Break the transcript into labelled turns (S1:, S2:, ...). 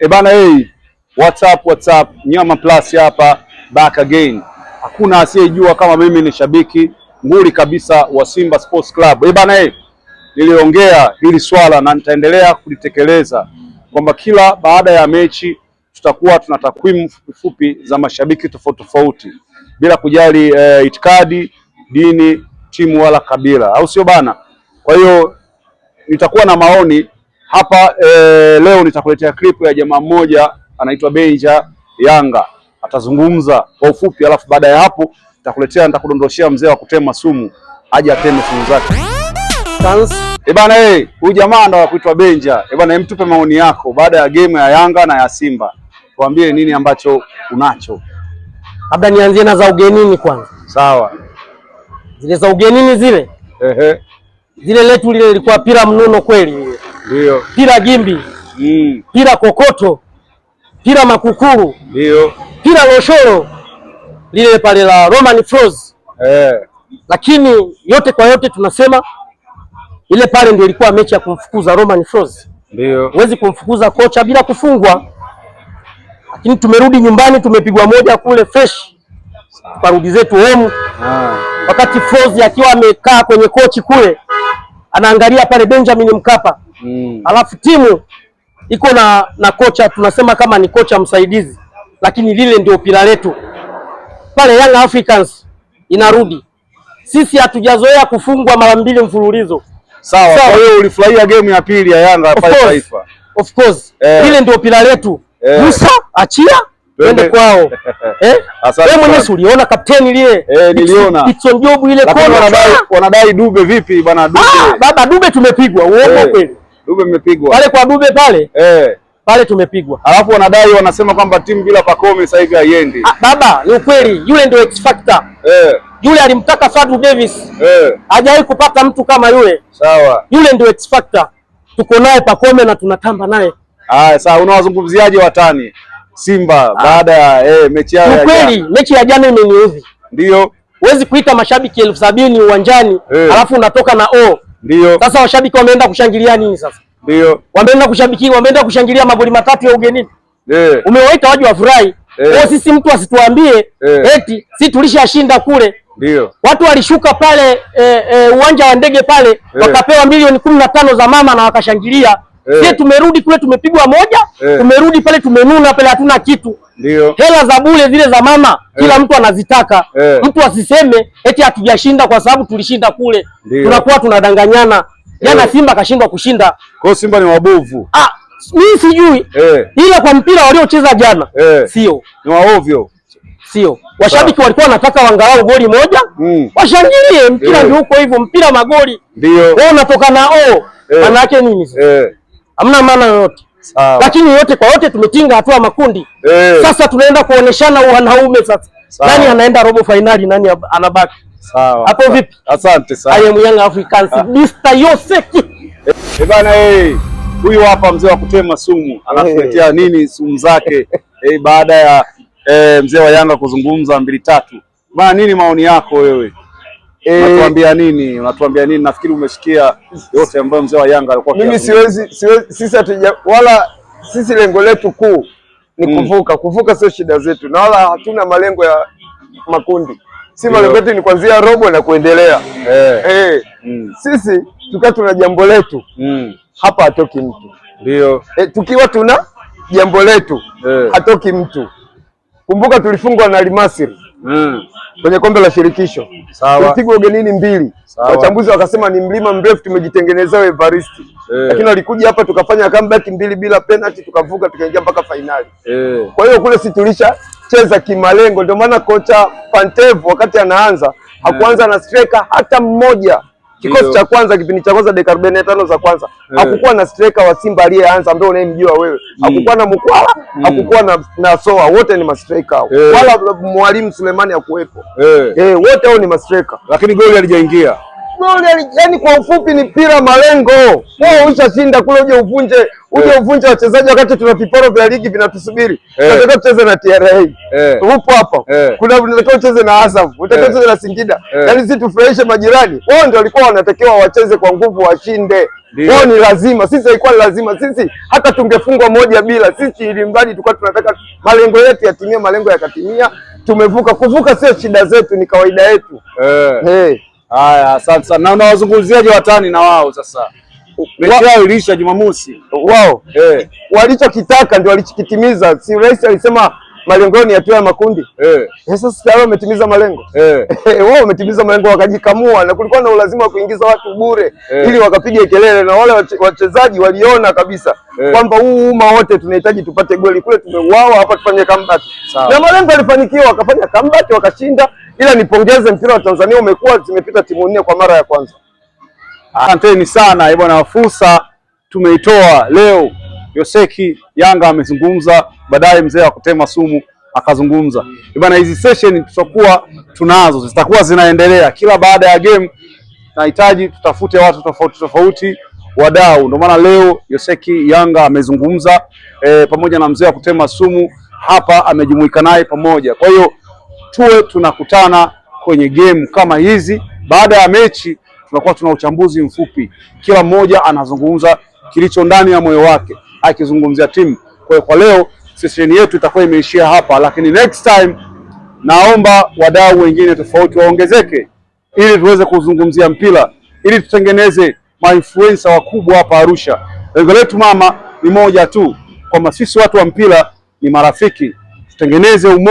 S1: Ebana, eh, hey, what's up, what's up? Nyama Plus hapa back again. Hakuna asiyejua kama mimi ni shabiki nguli kabisa wa Simba Sports Club. Eh, bana, hey, niliongea hili swala na nitaendelea kulitekeleza kwamba kila baada ya mechi tutakuwa tuna takwimu fupifupi za mashabiki tofauti tofauti bila kujali eh, itikadi, dini, timu wala kabila, au sio bana? Kwa hiyo nitakuwa na maoni hapa e, leo nitakuletea clip ya jamaa mmoja anaitwa Benja Yanga, atazungumza kwa ufupi, alafu baada ya hapo nitakuletea nitakudondoshea mzee wa kutema sumu aje ateme sumu zake. E bana, eh huyu jamaa ndo anaitwa Benja. E bana, mtupe maoni yako baada ya game ya Yanga na ya Simba, tuambie nini ambacho unacho.
S2: Labda nianzie na za ugenini kwanza. Sawa, zile za ugenini zile, ehe, zile letu lile lilikuwa pira mnuno kweli ndio. Pira Gimbi mm. Pira Kokoto, Pira Makukuru ndio, Pira losholo lile pale la Roman Froze eh. Lakini yote kwa yote tunasema ile pale ndio ilikuwa mechi ya kumfukuza Roman Froze. Ndio. Huwezi kumfukuza kocha bila kufungwa, lakini tumerudi nyumbani tumepigwa moja kule fresh, tukarudi zetu home ah. Wakati Froze akiwa amekaa kwenye kochi kule anaangalia pale Benjamin Mkapa mm. Alafu timu iko na na kocha tunasema kama ni kocha msaidizi, lakini lile ndio pila letu pale. Young Africans inarudi, sisi hatujazoea kufungwa mara mbili mfululizo.
S1: Sawa, kwa hiyo ulifurahia game ya pili ya Yanga pale Taifa?
S2: Of course, eh. Lile ndio pira letu eh. Musa achia Twende kwao. Eh? Asante Wewe mwenyewe uliona kapteni ile
S1: Eh, niliona.
S2: It's on job ile kona. Wanadai
S1: ah! wanadai Dube vipi bwana Dube? Ah,
S2: baba Dube tumepigwa. Uongo eh, kweli.
S1: Dube mmepigwa.
S2: Pale kwa Dube pale? Eh. Pale tumepigwa.
S1: Alafu wanadai wanasema kwamba timu bila Pacome sasa hivi haiendi. Ah,
S2: baba ni ukweli. Yule ndio X factor. Eh. Yule alimtaka Fadu Davis. Eh. Hajawahi kupata mtu kama yule. Sawa. Yule ndio X factor. Tuko naye Pacome na tunatamba naye.
S1: Ah, sawa unawazungumziaje watani? Simba baada ya eh, mechi yao ya
S2: kweli, mechi ya jana imeniudhi. Ndio huwezi kuita mashabiki elfu sabini uwanjani eh, alafu unatoka na o. Oh. Ndio sasa washabiki wameenda kushangilia nini sasa? Ndio wameenda kushabikia, wameenda kushangilia magoli matatu ya ugenini eh, umewaita waje wafurahi eh. Oh, sisi mtu asituambie eh, eti si tulishashinda kule Ndio Watu walishuka pale e, e, uwanja wa ndege pale eh, wakapewa milioni kumi na tano za mama na wakashangilia Eh. Sisi tumerudi kule tumepigwa moja, eh. tumerudi pale tumenuna pale, hatuna kitu. Ndio. Hela za bure zile za mama eh. kila mtu anazitaka. Mtu asiseme eti hatujashinda kwa sababu tulishinda kule. Ndiyo. Tunakuwa tunadanganyana. Jana Simba kashindwa kushinda.
S1: Kwa Simba ni wabovu.
S2: Ah, mimi sijui. Ila kwa mpira waliocheza jana sio.
S1: Ni waovyo.
S2: Sio. Washabiki walikuwa wanataka wangalau goli moja. Mm. Washangilie mpira ndio huko hivyo, mpira magoli. Ndio. Wewe unatoka na o. Maana yake nini? Eh hamna maana yoyote, lakini yote kwa yote tumetinga hatua makundi hey. Eh. Sasa tunaenda kuoneshana wanaume sasa Sawa. Nani anaenda robo fainali, nani anabaki? Sawa. Hapo vipi?
S1: Asante sana.
S2: I am Young Africans ah. Mr. Yoseki.
S1: Eh bana, eh huyu hapa mzee wa kutema sumu anatuletea hey. Eh. nini sumu zake eh, baada ya eh, mzee wa Yanga kuzungumza mbili tatu bana, nini maoni yako wewe? Eh, Unatuambia nini? Unatuambia nini? Nafikiri umesikia yote ambayo mzee wa Yanga alikuwa.
S3: Mimi siwezi, siwezi sisi hatuja wala sisi lengo letu kuu ni mm. kuvuka. Mm. Kuvuka sio shida zetu, na wala hatuna malengo ya makundi, si malengo yetu ni kuanzia robo na kuendelea. Eh. Hey. Eh. Mm. Sisi tukiwa tuna jambo letu mm. hapa hatoki mtu ndio. Eh, tukiwa tuna jambo letu hey. Eh. hatoki mtu. Kumbuka tulifungwa na Al-Masry mm. kwenye kombe la shirikisho tulipigwa ugenini mbili, wachambuzi wakasema ni mlima mrefu tumejitengenezea Everest eh. Lakini walikuja hapa tukafanya comeback mbili bila penalty, tukavuka tukaingia mpaka fainali eh. Kwa hiyo kule si tulisha cheza kimalengo, ndio maana kocha Pantev wakati anaanza hakuanza yeah. na striker hata mmoja Kikosi cha kwanza kipindi cha kwanza dakika arobaini na tano za kwanza eh. hakukuwa na striker wa Simba aliyeanza ambaye unayemjua wewe, mm. hakukuwa na Mkwala, mm. hakukuwa na, na Soa, wote ni mastrika eh. wala mwalimu Sulemani hakuwepo. Eh, eh wote hao ni mastreka,
S1: lakini goli alijaingia
S3: Goli yani kwa ufupi ni pira malengo. Wewe ushashinda kule uje uvunje, uje yeah. uvunje wachezaji wakati tuna viporo vya ligi vinatusubiri. Tunataka yeah. tucheze na TRA. Yeah. Upo hapa. Yeah. Kuna tunataka tucheze na Asaf, tunataka yeah. na Singida. Yeah. Yaani si tufurahishe majirani. Wao ndio walikuwa wanatakiwa wacheze kwa nguvu washinde. Wao ni lazima, sisi haikuwa lazima. Sisi hata tungefungwa moja bila, sisi ili mradi tulikuwa tunataka malengo yetu yatimie, malengo yakatimia. Tumevuka, kuvuka sio shida zetu, ni kawaida yetu. Yeah. Hey. Eh.
S1: Haya, asante sana. Na unawazungumziaje watani na wao sasa? Mechi yao iliisha Jumamosi. Wao eh,
S3: walichokitaka ndio walichokitimiza. Si rais alisema malengo ni hatua ya makundi eh. eh sasa wao wametimiza malengo eh. eh. Wao wametimiza malengo wakajikamua, na kulikuwa na ulazima wa kuingiza watu bure eh, ili wakapiga kelele, na wale wachezaji waliona kabisa eh, kwamba huu umma wote tunahitaji tupate goli kule, tumeuawa hapa, tufanye comeback. Na malengo yalifanikiwa, wakafanya comeback, wakashinda ila nipongeze mpira wa Tanzania umekuwa zimepita timu nne kwa mara ya kwanza.
S1: Asanteni sana eh, bwana, fursa tumeitoa leo. Yoseki Yanga amezungumza, baadaye mzee wa kutema sumu akazungumza eh, bwana. Hizi session tutakuwa tunazo, zitakuwa zinaendelea kila baada ya game. Nahitaji tutafute watu tofauti tofauti, wadau. Ndio maana leo Yoseki Yanga amezungumza e, pamoja na mzee wa kutema sumu hapa amejumuika naye pamoja. Kwa hiyo tuwe tunakutana kwenye game kama hizi. Baada ya mechi, tunakuwa tuna uchambuzi mfupi, kila mmoja anazungumza kilicho ndani ya moyo wake akizungumzia timu. Kwa hiyo kwa leo session yetu itakuwa imeishia hapa, lakini next time naomba wadau wengine tofauti waongezeke, ili tuweze kuzungumzia mpira, ili tutengeneze mainfluencer wakubwa hapa Arusha. Lengo letu mama ni moja tu, kwamba sisi watu wa mpira ni marafiki, tutengeneze umo